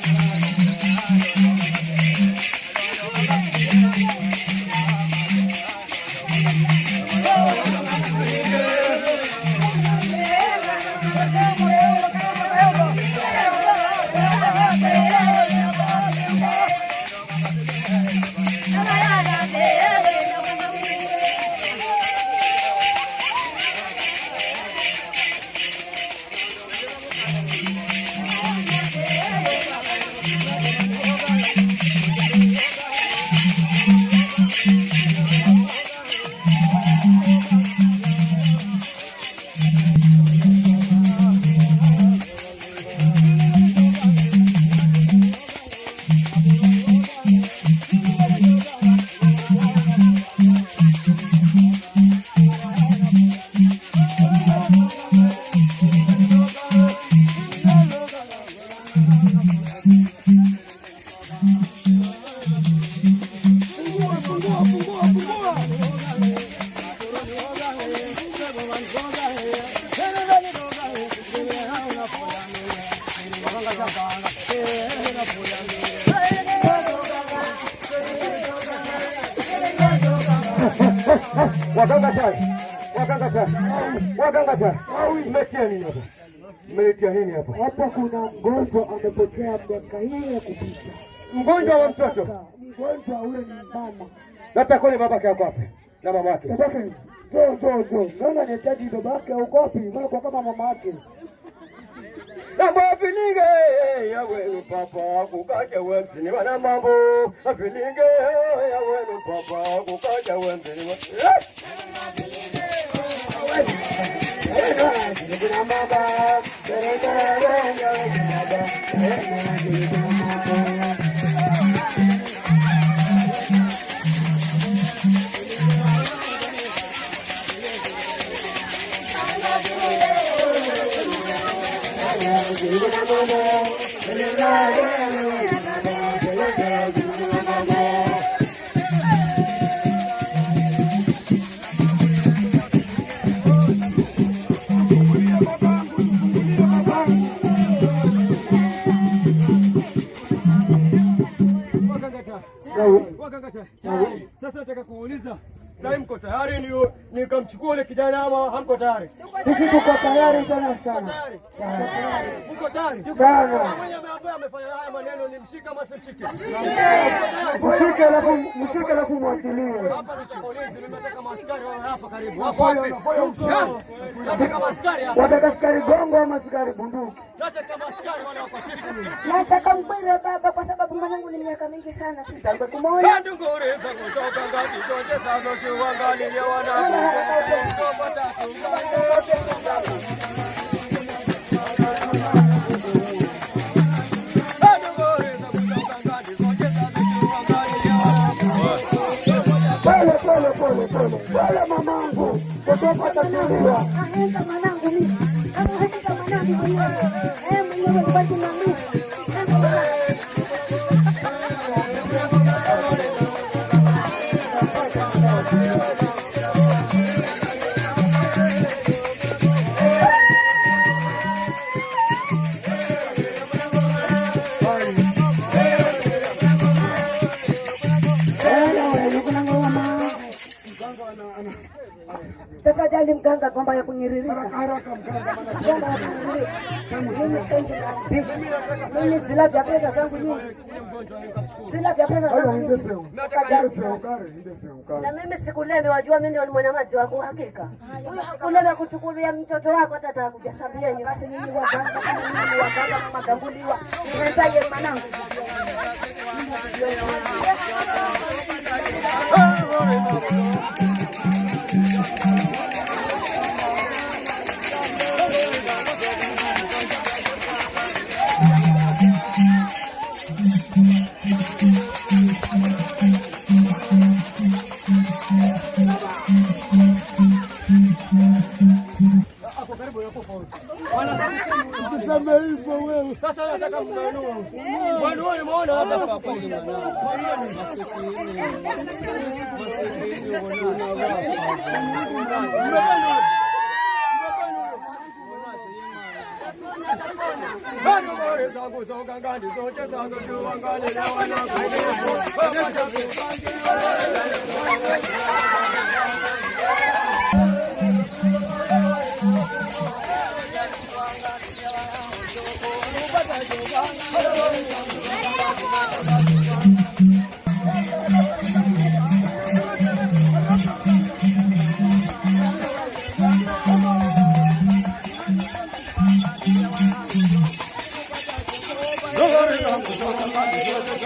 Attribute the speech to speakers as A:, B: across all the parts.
A: Yeah.
B: Waganga tai. Waganga tai. Waganga tai. Mmetia nini hapa?
C: Mmetia nini hapa? Hapa kuna mgonjwa amepotea miaka hii ya kupita. Mgonjwa wa mtoto. Mgonjwa ule ni
B: mama. Hata kule babake yako wapi? Na mamake. Babake.
C: Jo jo jo. Naona ni jadi babake uko wapi? Mbona kwa kama mamake? Mambo afilinge yawe papa kukaja wemsini wana mambo afilinge yawe papa kukaja wemsini wana Gidin amada, gidin amada, gidin amada, gidin amada,
B: Kaka Chai, sasa nataka kuuliza sasa, mko tayari nikamchukua ule kijana ama hamko
C: tayari? Sisi tuko tayari sana
B: sana. Uko tayari?
C: Mwenye mshike na kumwachilia. Hapa askari gongo ama askari
B: bunduki?
D: Nataka mpira baba, kwa sababu mwanangu ni miaka mingi sana sitaanza kumwona. wala mamangu mtoto atachuliwa. Aenda mwanangu mimi, kama mwanangu mwenyewe,
E: mwenyewe basi mwanangu Tafadhali mganga, gomba
F: ya kunyiririsha
E: mimi zila vya pesa zangu nyingi,
G: zila vya pesa zangu
H: na mimi sikuleme. Wajua mimi ni mwanamazi wako, hakika huyu kuchukulia mtoto wako hata atakuja ni Basi mimi waganga mwenzaje mwanangu anataka mbanuo Thank
I: you.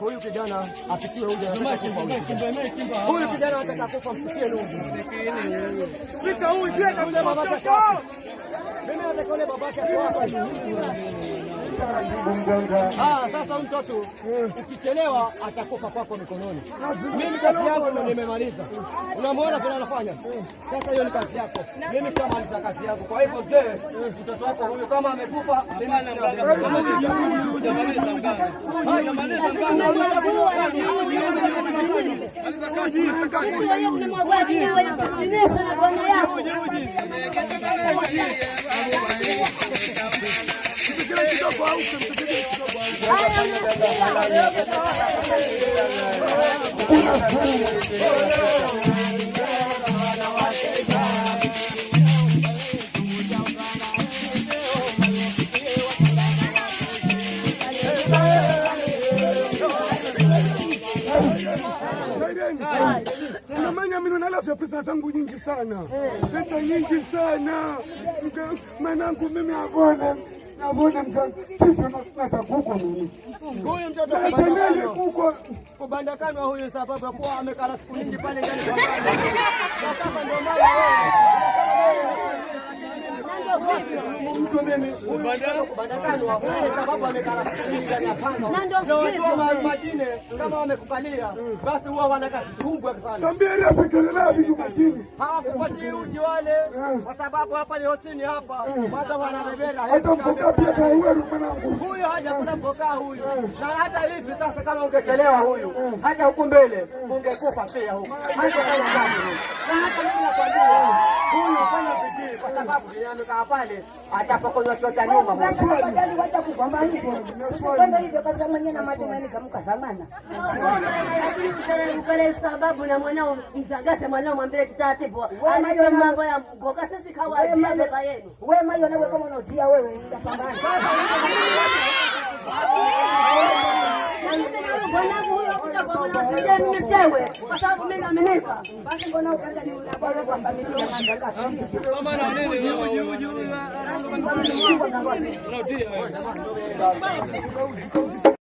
B: Huyu kijana apikiwe huyu huyu kijana atakakufa msikie Lungu. Pita huyu je, atakule babake. Mimi atakule babake. Ah, sasa huyu mtoto ukichelewa atakufa kwako mikononi. Mimi kazi yangu nimemaliza, unamwona kuna anafanya sasa, hiyo ni kazi yako. Mimi shamaliza kazi yangu. Kwa hivyo mzee, mtoto wako huyu kama amekufa, mimi Mtegele kidogo au mtegele
J: mimi nalafya pesa zangu nyingi sana, pesa nyingi sana mwanangu, mimi agone namuona mtoto
B: huyu sababu kwa amekala siku nyingi pale ndani kwa sasa, ndio maana mtu mimi kubandakana kama wamekukalia basi huwa wana kazi
J: kubwa sana. Sambieni asikiliza vitu
B: majini. Hawakupati uji wale eh. kwa sababu hapa ni hotini hapa. Kwanza eh. wanabebela.
J: Hata mpoka pia kwa huyu
B: mwanangu. Huyu haja eh. kuna mpoka huyu. Na hata hivi sasa kama ungechelewa huyu hata huko mbele ungekufa pia huko. Hata kama huyu. Na hata mimi nakwambia huyu fanya bidii kwa sababu amekaa pale ata akapokozwa chuo cha nyuma
K: kwenda hivyo kazamania na matumani
L: kamkazamana ukale sababu na mwanao mzagase mwanao mwambie kitaratibu anayo mambo ya mgoka sisi kawaida
M: baba yenu wewe mayo na kama unaotia wewe utapambana
N: Mwanangu huyo kuja kwa mwanangu je mimi mtewe kwa sababu mimi amenipa. Basi mbona ukaenda ni unabora kwa
B: familia kwanza kaka. Mama na nini huyu huyu huyu. Unarudia wewe.